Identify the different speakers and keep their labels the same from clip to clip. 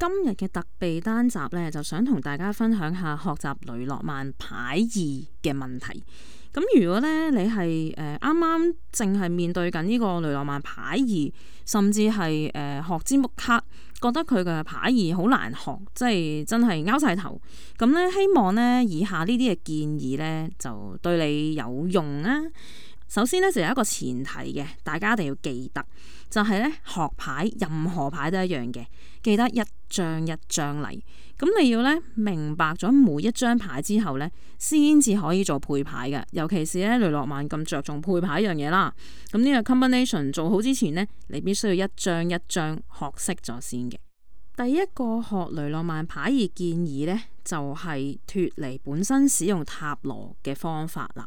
Speaker 1: 今日嘅特備單集呢，就想同大家分享下學習雷諾曼牌義嘅問題。咁如果呢你係誒啱啱淨係面對緊呢個雷諾曼牌義，甚至係誒、呃、學詹木刻，覺得佢嘅牌義好難學，即係真係拗晒頭。咁呢希望呢以下呢啲嘅建議呢，就對你有用啊！首先咧就有一個前提嘅，大家一定要記得，就係咧學牌，任何牌都一樣嘅，記得一張一張嚟。咁你要咧明白咗每一張牌之後咧，先至可以做配牌嘅。尤其是咧雷諾曼咁着重配牌一樣嘢啦。咁呢個 combination 做好之前呢，你必須要一張一張學識咗先嘅。第一個學雷諾曼牌而建議咧，就係脫離本身使用塔羅嘅方法啦。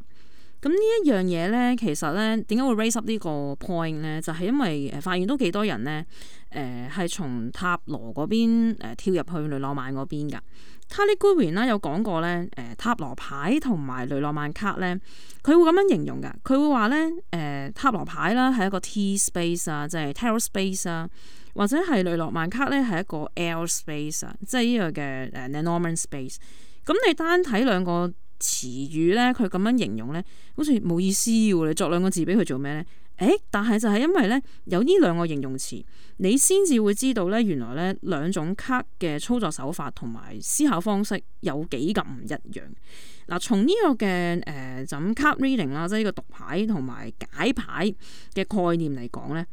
Speaker 1: 咁呢一樣嘢咧，其實咧點解會 raise up 呢個 point 咧？就係、是、因為誒發現都幾多人咧，誒、呃、係從塔羅嗰邊、呃、跳入去雷諾曼嗰邊噶。哈利·哥瑞呢有講過咧，誒塔羅牌同埋雷諾曼卡咧，佢會咁樣形容噶。佢會話咧，誒、呃、塔羅牌啦係一個 T space 啊，即係 terrestrial space 啊，或者係雷諾曼卡咧係一個 L space 啊，即係呢個嘅誒 Lenormand space。咁你單睇兩個詞語呢，佢咁樣形容呢，好似冇意思，要你作兩個字俾佢做咩呢？誒、欸，但係就係因為呢，有呢兩個形容詞，你先至會知道呢，原來呢，兩種卡嘅操作手法同埋思考方式有幾咁唔一樣。嗱，從呢個嘅誒，就咁卡 reading 啦，即係呢個讀牌同埋解牌嘅概念嚟講呢，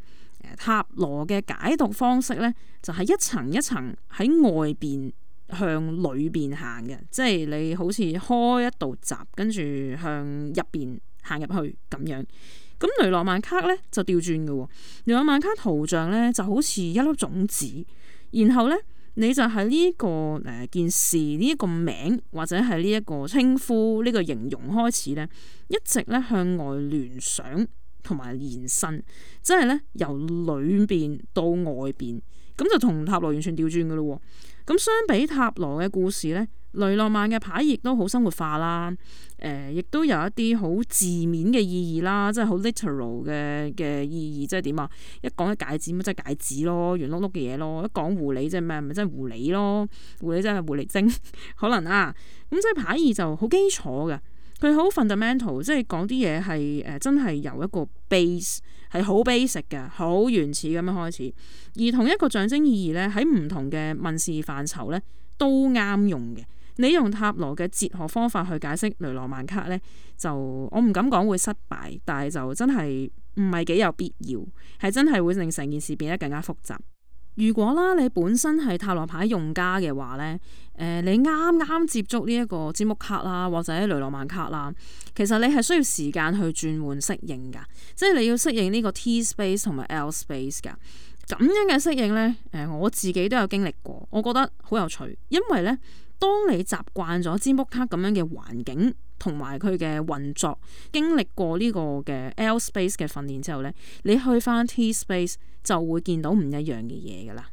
Speaker 1: 塔羅嘅解讀方式呢，就係、是、一層一層喺外邊向裏邊行嘅，即係你好似開一道閘，跟住向入邊行入去咁樣。咁雷諾曼卡咧就調轉嘅，雷諾曼卡圖像咧就好似一粒種子，然後咧你就喺呢一個、呃、件事、呢一個名或者係呢一個稱呼、呢個形容開始咧，一直咧向外聯想同埋延伸，即係咧由裏邊到外邊，咁就同塔羅完全調轉嘅咯。咁相比塔羅嘅故事咧，雷諾曼嘅牌亦都好生活化啦，誒、呃，亦都有一啲好字面嘅意義啦，即係好 literal 嘅嘅意義，即係點啊？一講一戒指咪即係戒指咯，圓碌碌嘅嘢咯。一講狐狸即係咩？咪即係狐狸咯，狐狸即係狐狸精可能啊。咁即係牌意就好基礎嘅，佢好 fundamental，即係講啲嘢係誒真係由一個 base。係好 basic 嘅，好原始咁樣開始。而同一個象徵意義呢，喺唔同嘅問事範疇呢都啱用嘅。你用塔羅嘅哲學方法去解釋雷諾曼卡呢，就我唔敢講會失敗，但係就真係唔係幾有必要，係真係會令成件事變得更加複雜。如果啦，你本身係塔羅牌用家嘅話呢，誒、呃，你啱啱接觸呢一個節目卡啦，或者雷諾曼卡啦，其實你係需要時間去轉換適應噶，即係你要適應呢個 T space 同埋 L space 噶。咁樣嘅適應呢，誒、呃，我自己都有經歷過，我覺得好有趣，因為呢。當你習慣咗占卜卡咁樣嘅環境同埋佢嘅運作，經歷過呢個嘅 L space 嘅訓練之後呢，你去翻 T space 就會見到唔一樣嘅嘢噶啦。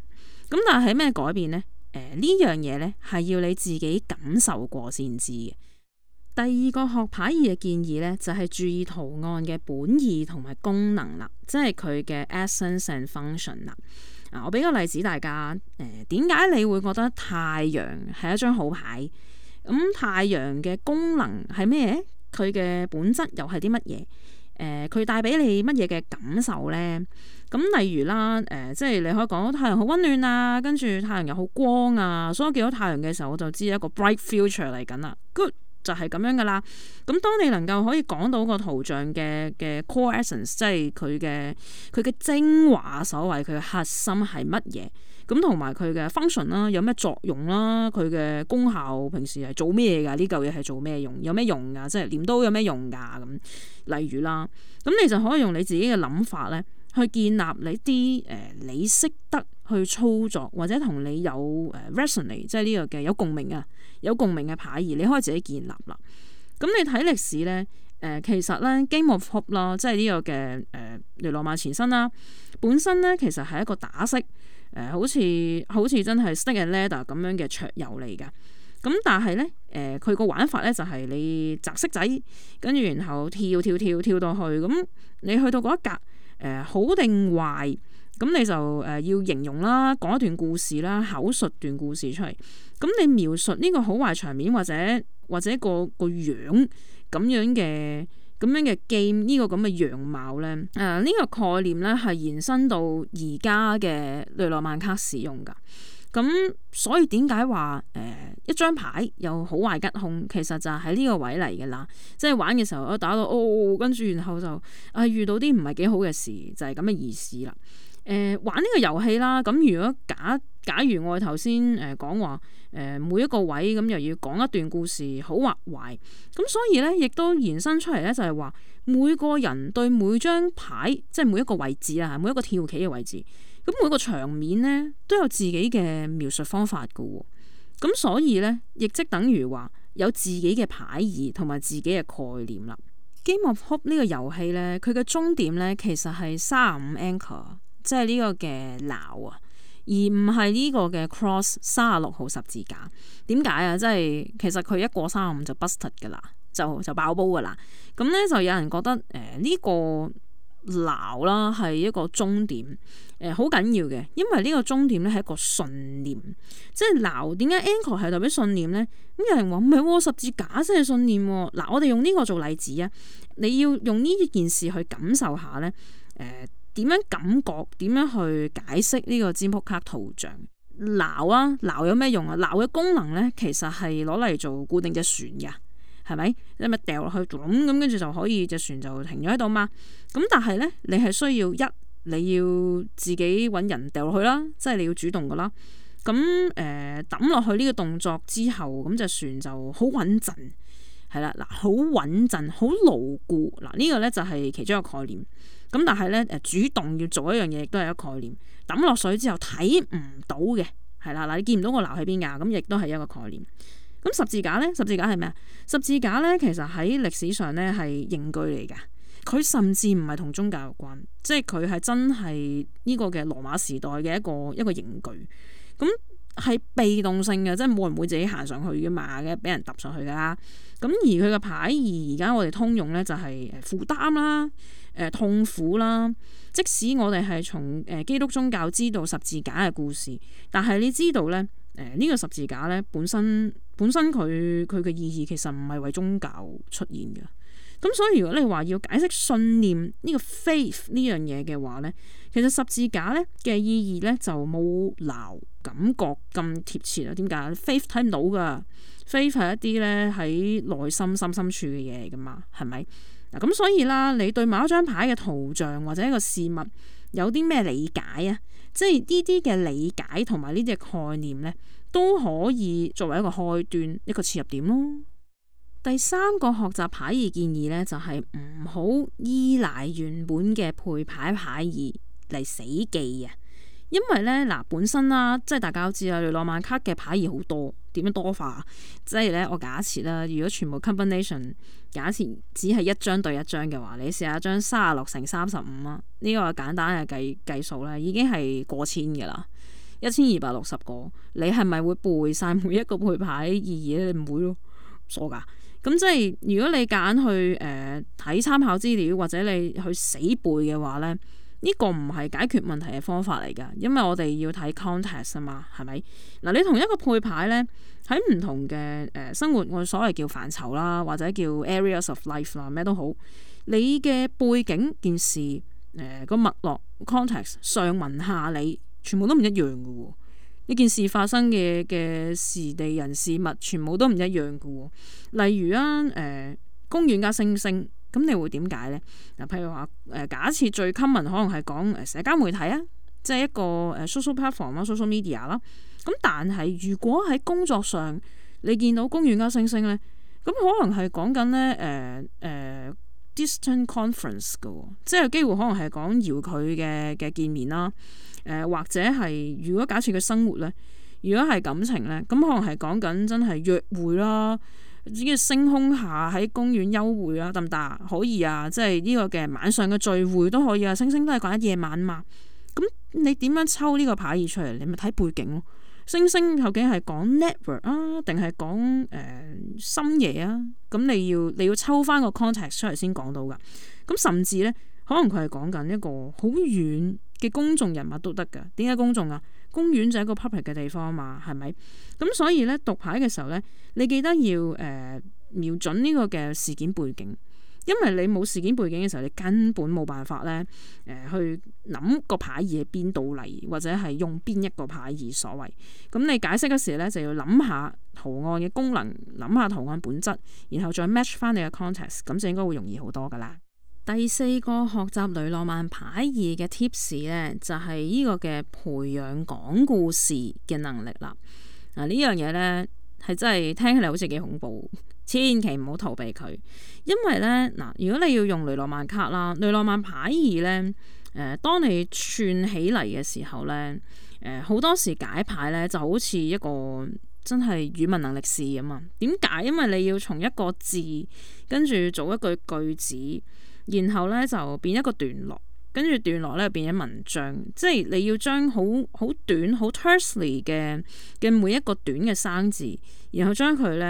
Speaker 1: 咁但係咩改變呢？誒呢樣嘢呢，係、這個、要你自己感受過先知嘅。第二個學牌二嘅建議呢，就係、是、注意圖案嘅本意同埋功能啦，即係佢嘅 essence and function 啦。啊，我俾個例子大家，誒、呃，點解你會覺得太陽係一張好牌？咁、啊、太陽嘅功能係咩？佢嘅本質又係啲乜嘢？誒、啊，佢帶俾你乜嘢嘅感受呢？咁、啊、例如啦，誒、呃，即係你可以講太陽好溫暖啊，跟住太陽又好光啊，所以我見到太陽嘅時候，我就知一個 bright future 嚟緊啦。good 就係咁樣噶啦。咁當你能夠可以講到個圖像嘅嘅 core essence，即係佢嘅佢嘅精華所在，佢嘅核心係乜嘢？咁同埋佢嘅 function 啦，有咩作用啦？佢嘅功效平時係做咩噶？呢嚿嘢係做咩用？有咩用噶？即係鐮刀有咩用噶？咁例如啦，咁你就可以用你自己嘅諗法咧，去建立你一啲誒、呃，你識得。去操作或者同你有誒 resonate 即係呢個嘅有共鳴啊，有共鳴嘅牌，而你可以自己建立啦。咁你睇歷史咧，誒、呃、其實咧 Game of Hope 啦、這個，即係呢個嘅雷諾曼前身啦，本身咧其實係一個打式，誒、呃，好似好似真係 stick and ladder 咁樣嘅桌遊嚟㗎。咁但係咧誒，佢、呃、個玩法咧就係你擲色仔，跟住然後跳跳跳跳到去，咁你去到嗰一格誒、呃、好定壞？咁你就誒、呃、要形容啦，講一段故事啦，口述段故事出嚟。咁你描述呢個好壞場面，或者或者個個樣咁樣嘅咁樣嘅 game 呢個咁嘅樣貌咧？誒、呃、呢、這個概念咧係延伸到而家嘅雷諾曼卡使用噶。咁所以點解話誒一張牌有好壞吉凶，其實就喺呢個位嚟噶啦。即係玩嘅時候，我打到哦，跟住然後就啊遇到啲唔係幾好嘅事，就係咁嘅意思啦。誒，玩呢個遊戲啦。咁如果假假如我頭先誒講話，誒每一個位咁又要講一段故事，好或壞咁，所以咧亦都延伸出嚟咧，就係話每個人對每張牌，即係每一個位置啊，每一個跳棋嘅位置，咁每個場面咧都有自己嘅描述方法噶。咁所以咧，亦即等於話有自己嘅牌意同埋自己嘅概念啦。Game of Hope 呢個遊戲咧，佢嘅終點咧其實係三五 anchor。即係呢個嘅鬧啊，而唔係呢個嘅 cross 三十六號十字架。點解啊？即係其實佢一過三十五就 burst 噶啦，就就爆煲噶啦。咁、嗯、咧就有人覺得誒呢、呃呢個鬧啦係一個終點，誒好緊要嘅，因為呢個終點咧係一個信念，即係鬧點解 anchor 係代表信念咧？咁有人話唔係喎，十字架先係信念、啊。嗱、呃，我哋用呢個做例子啊，你要用呢件事去感受下咧，誒、呃。點樣感覺？點樣去解釋呢個占卜卡圖像？錨啊！錨有咩用啊？錨嘅功能呢，其實係攞嚟做固定隻船噶，係咪？你咪掉落去，咁跟住就可以隻船就停咗喺度嘛。咁但係呢，你係需要一你要自己揾人掉落去啦，即係你要主動噶啦。咁誒，抌、呃、落去呢個動作之後，咁隻船就好穩陣。係啦，嗱，好穩陣，好牢固，嗱、這個、呢個咧就係、是、其中一個概念。咁但係咧，誒主動要做一樣嘢，亦都係一個概念。抌落水之後睇唔到嘅，係啦，嗱你見唔到個流喺邊噶，咁亦都係一個概念。咁十字架咧，十字架係咩啊？十字架咧，其實喺歷史上咧係刑具嚟噶，佢甚至唔係同宗教有關，即係佢係真係呢個嘅羅馬時代嘅一個一個刑具。咁、嗯係被動性嘅，即係冇人會自己行上去嘅嘛嘅，俾人揼上去噶啦。咁而佢嘅牌義而家我哋通用咧就係負擔啦，誒、呃、痛苦啦。即使我哋係從誒基督宗教知道十字架嘅故事，但係你知道咧，誒、呃、呢、這個十字架咧本身本身佢佢嘅意義其實唔係為宗教出現嘅。咁所以如果你話要解釋信念呢個 faith 呢樣嘢嘅話咧，其實十字架咧嘅意義咧就冇留感覺咁貼切啊？點解？faith 睇唔到噶，faith 係一啲咧喺內心深深處嘅嘢嚟噶嘛？係咪？嗱咁所以啦，你對某一張牌嘅圖像或者一個事物有啲咩理解啊？即係呢啲嘅理解同埋呢隻概念咧，都可以作為一個開端一個切入點咯。第三個學習牌意建議呢，就係唔好依賴原本嘅配牌牌意嚟死記啊。因為呢，嗱、呃，本身啦，即係大家都知啊，雷諾曼卡嘅牌意好多，點樣多化？即係呢，我假設啦，如果全部 combination 假設只係一張對一張嘅話，你試下張三十六乘三十五啊，呢、這個簡單嘅計計數咧，已經係過千噶啦，一千二百六十個。你係咪會背晒每一個配牌意義咧？你唔會咯，傻噶。咁即係如果你揀去誒睇參考資料，或者你去死背嘅話咧，呢、這個唔係解決問題嘅方法嚟噶，因為我哋要睇 context 啊嘛，係咪？嗱、呃，你同一個配牌咧，喺唔同嘅誒、呃、生活我所謂叫範疇啦，或者叫 areas of life 啦，咩都好，你嘅背景件事誒個、呃、脈絡 context 上文下理，全部都唔一樣噶喎。呢件事發生嘅嘅時地人事物，全部都唔一樣㗎喎。例如啊，誒、呃、公園加星星，咁你會點解呢？嗱，譬如話誒，假設最 common 可能係講誒社交媒體啊，即係一個誒 social platform 啦，social media 啦。咁但係如果喺工作上你見到公園加星星呢，咁可能係講緊呢。誒、呃、誒。呃 distance conference 嘅，即係有機會可能係講遙距嘅嘅見面啦。誒、呃、或者係如果假設佢生活咧，如果係感情咧，咁可能係講緊真係約會啦，呢個星空下喺公園幽會啦，得唔得？可以啊，即係呢個嘅晚上嘅聚會都可以啊。星星都係講喺夜晚嘛。咁你點樣抽呢個牌意出嚟？你咪睇背景咯、啊。星星究竟係講 network 啊，定係講誒深夜啊？咁你要你要抽翻個 context 出嚟先講到噶。咁甚至咧，可能佢係講緊一個好遠嘅公眾人物都得噶。點解公眾啊？公園就係一個 public 嘅地方嘛，係咪？咁所以咧，讀牌嘅時候咧，你記得要誒、呃、瞄準呢個嘅事件背景。因為你冇事件背景嘅時候，你根本冇辦法咧誒、呃、去諗個牌意喺邊度嚟，或者係用邊一個牌意所謂。咁你解釋嗰時咧，就要諗下圖案嘅功能，諗下圖案本質，然後再 match 翻你嘅 context，咁就應該會容易好多噶啦。第四個學習雷諾曼牌意嘅 tips 咧，就係、是、呢個嘅培養講故事嘅能力啦。嗱、啊這個、呢樣嘢咧係真係聽起嚟好似幾恐怖。千祈唔好逃避佢，因為咧嗱，如果你要用雷諾曼卡啦，雷諾曼牌二咧，誒、呃、當你串起嚟嘅時候咧，誒、呃、好多時解牌咧就好似一個真係語文能力試咁啊！點解？因為你要從一個字跟住組一句句子，然後咧就變一個段落。跟住段落咧變咗文章，即係你要將好好短好 terse 嘅嘅每一個短嘅生字，然後將佢咧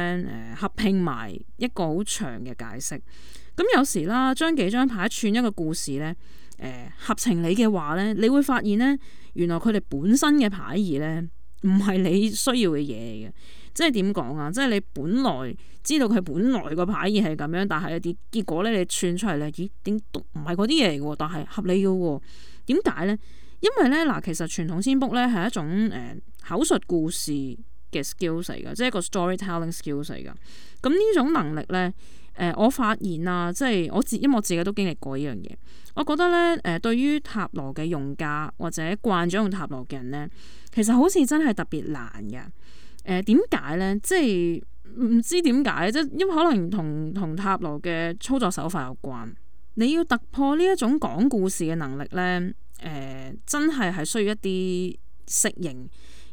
Speaker 1: 誒合拼埋一個好長嘅解釋。咁、嗯、有時啦，將幾張牌串一,一個故事咧，誒、呃、合情理嘅話咧，你會發現咧，原來佢哋本身嘅牌義咧，唔係你需要嘅嘢嚟嘅。即係點講啊？即係你本來知道佢本來個牌意係咁樣，但係一啲結果咧，你串出嚟咧，咦？點都唔係嗰啲嘢嚟喎，但係合理嘅喎。點解咧？因為咧嗱，其實傳統占卜咧係一種誒、呃、口述故事嘅 skills 嚟㗎，即係一個 storytelling skills 嚟㗎。咁、嗯、呢種能力咧，誒、呃、我發現啊，即係我自因為我自己都經歷過呢樣嘢，我覺得咧誒、呃、對於塔羅嘅用家或者慣咗用塔羅嘅人咧，其實好似真係特別難嘅。誒，點解咧？即係唔知點解，即係因為可能同同塔羅嘅操作手法有關。你要突破呢一種講故事嘅能力咧，誒、呃、真係係需要一啲適應。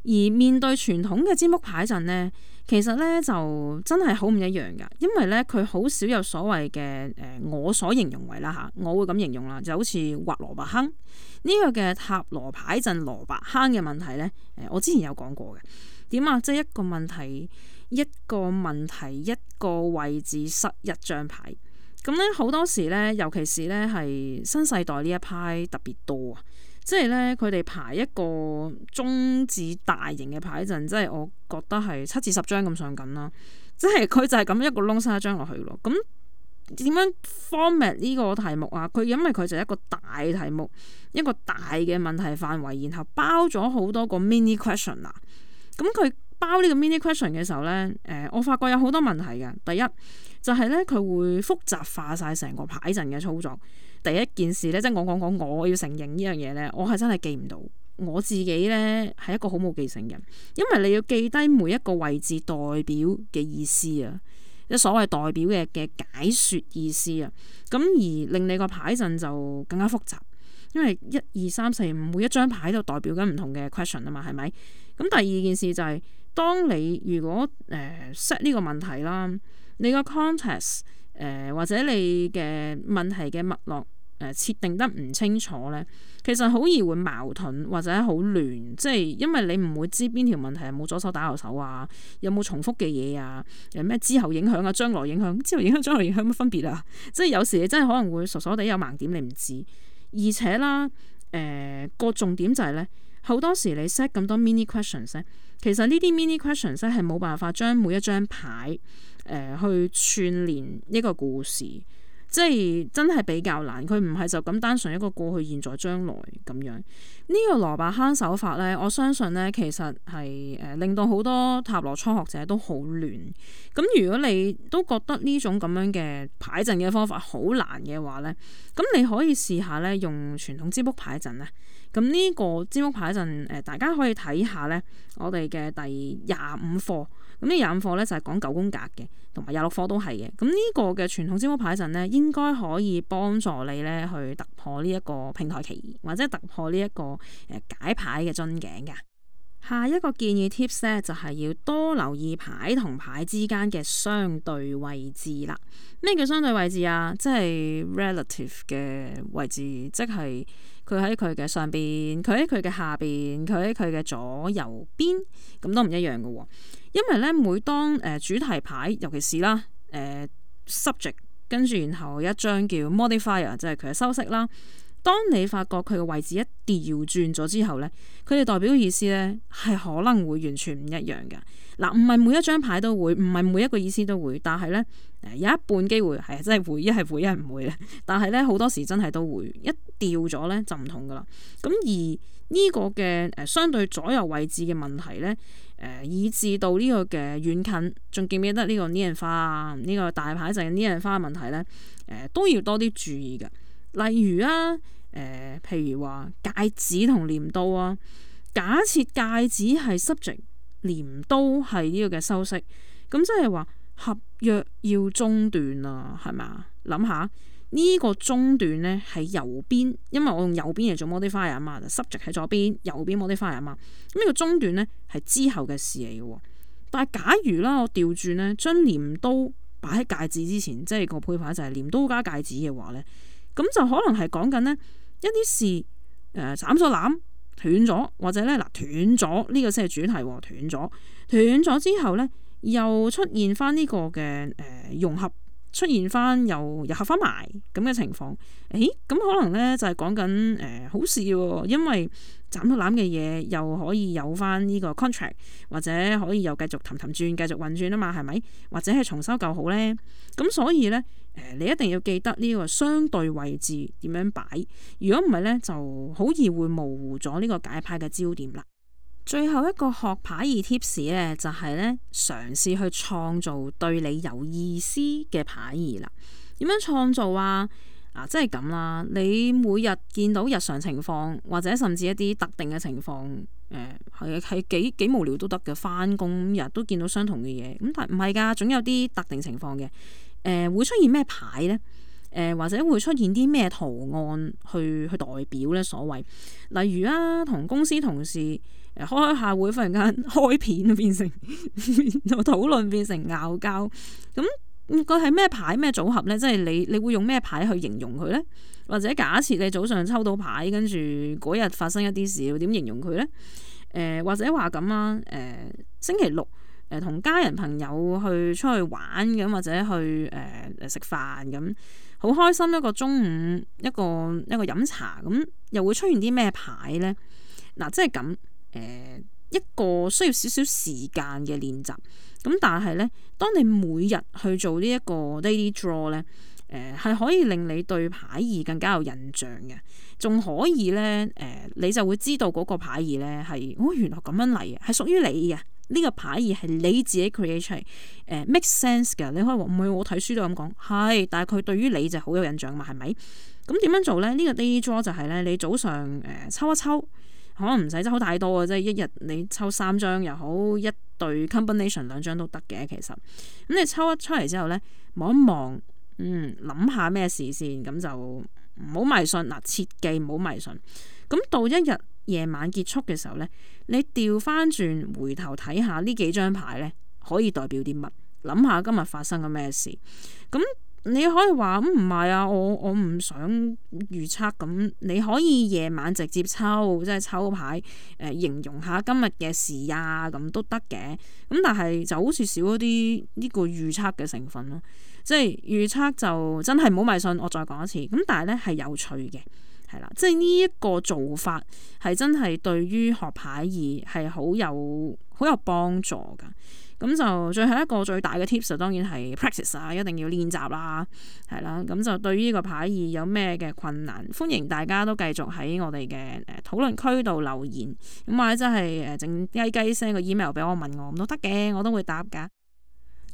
Speaker 1: 而面對傳統嘅占卜牌陣咧，其實咧就真係好唔一樣㗎，因為咧佢好少有所謂嘅誒、呃、我所形容為啦嚇，我會咁形容啦，就好似挖蘿蔔坑呢、呢個嘅塔羅牌陣蘿蔔坑嘅問題咧。誒、呃，我之前有講過嘅。點啊！即係一個問題，一個問題，一個位置塞一張牌。咁咧好多時咧，尤其是咧係新世代呢一派特別多啊！即係咧佢哋排一個中至大型嘅牌陣，即係我覺得係七至十張咁上緊啦。即係佢就係咁一個窿塞一張落去咯。咁點樣 format 呢個題目啊？佢因為佢就一個大題目，一個大嘅問題範圍，然後包咗好多個 mini question 啊！Quest 咁佢包呢個 mini question 嘅時候呢，誒、呃，我發覺有好多問題嘅。第一就係呢，佢會複雜化晒成個牌陣嘅操作。第一件事呢，即係我講講，我要承認呢樣嘢呢，我係真係記唔到我自己呢，係一個好冇記性嘅。因為你要記低每一個位置代表嘅意思啊，即所謂代表嘅嘅解說意思啊，咁而令你個牌陣就更加複雜。因為一二三四五，每一張牌都代表緊唔同嘅 question 啊嘛，係咪？咁第二件事就係、是，當你如果誒 set 呢個問題啦，你個 context 誒、呃、或者你嘅問題嘅脈絡誒設定得唔清楚咧，其實好易會矛盾或者好亂，即係因為你唔會知邊條問題係冇左手打右手啊，有冇重複嘅嘢啊？誒咩之後影響啊，將來影響，之後影響將來影響乜分別啊？即係有時你真係可能會傻傻地有盲點，你唔知，而且啦誒個、呃、重點就係、是、咧。好多時你 set 咁多 mini questions 咧，其實呢啲 mini questions 咧係冇辦法將每一張牌誒、呃、去串連一個故事，即係真係比較難。佢唔係就咁單純一個過去、現在、將來咁樣。呢、這個蘿蔔坑手法咧，我相信咧，其實係誒令到好多塔羅初學者都好亂。咁如果你都覺得呢種咁樣嘅牌陣嘅方法好難嘅話咧，咁你可以試下咧用傳統支卜牌陣啊。咁呢個尖屋牌陣，誒大家可以睇下呢，我哋嘅第廿五課，咁呢廿五課呢，就係講九宮格嘅，同埋廿六課都係嘅。咁呢個嘅傳統尖屋牌陣呢，應該可以幫助你呢，去突破呢一個平台期，或者突破呢一個誒解牌嘅樽頸㗎。下一個建議 tips 咧，就係、是、要多留意牌同牌之間嘅相對位置啦。咩叫相對位置啊？即係 relative 嘅位置，即係佢喺佢嘅上邊，佢喺佢嘅下邊，佢喺佢嘅左右邊，咁都唔一樣嘅、哦。因為咧，每當誒主題牌，尤其是啦，誒、呃、subject，跟住然後一張叫 modifier，即係佢嘅修飾啦。當你發覺佢嘅位置一調轉咗之後呢，佢哋代表意思呢係可能會完全唔一樣嘅。嗱、呃，唔係每一張牌都會，唔係每一個意思都會，但係呢，誒、呃、有一半機會係真係會，一係會，一係唔會咧。但係呢，好多時真係都會一調咗呢就唔同噶啦。咁而呢個嘅誒、呃、相對左右位置嘅問、呃、問題呢，誒以至到呢個嘅遠近，仲記唔記得呢個呢樣花啊？呢個大牌就係呢樣花嘅問題呢，都要多啲注意嘅。例如啊，誒、呃，譬如話戒指同鐮刀啊，假設戒指係 subject，鐮刀係呢個嘅修飾，咁即係話合約要中斷啦，係咪？諗下呢、呢個中斷呢喺右邊，因為我用右邊嚟做 modifier 啊嘛，subject 喺左邊，右邊 modifier 啊嘛，咁、呢、呢個中斷呢係之後嘅事嚟嘅喎。但係假如啦，我調轉呢，將鐮刀擺喺戒指之前，即係個配牌就係鐮刀加戒指嘅話呢。咁就可能係講緊呢一啲事誒，斬咗纜斷咗，或者呢嗱斷咗呢個先係主題，斷咗斷咗之後呢，又出現翻呢個嘅、呃、融合。出現翻又又合翻埋咁嘅情況，誒咁可能咧就係講緊誒好事喎、哦，因為斬到攬嘅嘢又可以有翻呢個 contract，或者可以又繼續氹氹轉，繼續運轉啊嘛，係咪？或者係重修舊好咧？咁、呃、所以咧誒、呃，你一定要記得呢個相對位置點樣擺，如果唔係咧，就好易會模糊咗呢個解派嘅焦點啦。最後一個學牌義 tips 咧，就係咧嘗試去創造對你有意思嘅牌義啦。點樣創造啊？啊，即係咁啦。你每日見到日常情況，或者甚至一啲特定嘅情況，誒係係幾幾無聊都得嘅。返工日都見到相同嘅嘢，咁但唔係噶，總有啲特定情況嘅。誒、呃、會出現咩牌咧？誒、呃、或者會出現啲咩圖案去去代表咧？所謂例如啦、啊，同公司同事。開下會，忽然間開片變成就討論變成拗交咁，個係咩牌咩組合咧？即係你你會用咩牌去形容佢咧？或者假設你早上抽到牌，跟住嗰日發生一啲事，會點形容佢咧？誒、呃，或者話咁啊？誒、呃，星期六誒，同、呃、家人朋友去出去玩咁，或者去誒誒食飯咁，好、呃、開心一個中午一個，一個一個飲茶咁，又會出現啲咩牌咧？嗱、呃，即係咁。誒，一個需要少少時間嘅練習，咁但係咧，當你每日去做呢一個 daily draw 咧、呃，誒係可以令你對牌意更加有印象嘅，仲可以咧，誒、呃、你就會知道嗰個牌意咧係，哦，原來咁樣嚟啊，係屬於你嘅。呢、這個牌意係你自己 create 出嚟，誒、呃、make sense 嘅。你可以話唔會我睇書都咁講，係，但係佢對於你就好有印象嘛，係咪？咁點樣做咧？呢、這個 daily draw 就係、是、咧，你早上誒、呃、抽一抽。可能唔使抽太多啊，即係一日你抽三張又好，一對 combination 兩張都得嘅。其實，咁你抽一出嚟之後呢，望一望，嗯，諗下咩事先，咁就唔好迷信嗱，切記唔好迷信。咁到一日夜晚結束嘅時候呢，你調翻轉回頭睇下呢幾張牌呢，可以代表啲乜？諗下今日發生咗咩事，咁。你可以話，咁唔係啊，我我唔想預測，咁你可以夜晚直接抽，即係抽牌誒、呃、形容下今日嘅事啊，咁都得嘅。咁但係就好似少咗啲呢個預測嘅成分咯，即係預測就真係唔好迷信。我再講一次，咁但係呢係有趣嘅，係啦，即係呢一個做法係真係對於學牌而係好有好有幫助㗎。咁就最後一個最大嘅 tips 就當然係 practice 啊，一定要練習啦，係啦。咁就對於呢個牌意有咩嘅困難，歡迎大家都繼續喺我哋嘅誒討論區度留言。咁或者真係誒靜雞雞聲個 email 俾我問我，咁都得嘅，我都會答㗎。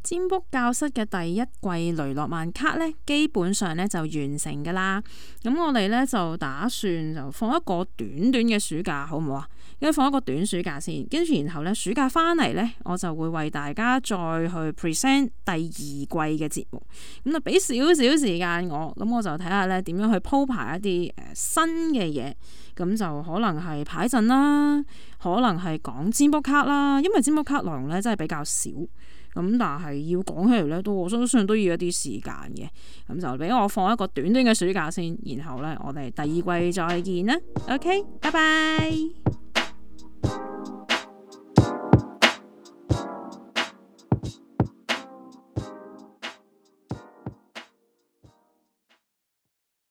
Speaker 1: 占卜教室嘅第一季雷諾曼卡咧，基本上咧就完成㗎啦。咁我哋咧就打算就放一個短短嘅暑假，好唔好啊？要放一個短暑假先，跟住然後咧，暑假翻嚟咧，我就會為大家再去 present 第二季嘅節目。咁就俾少少時間我，咁我就睇下咧點樣去鋪排一啲誒、呃、新嘅嘢。咁就可能係牌陣啦，可能係講占卜卡啦，因為占卜卡內容咧真係比較少。咁但係要講起嚟咧，都我相信都要一啲時間嘅。咁就俾我放一個短短嘅暑假先，然後咧我哋第二季再見啦。OK，拜拜。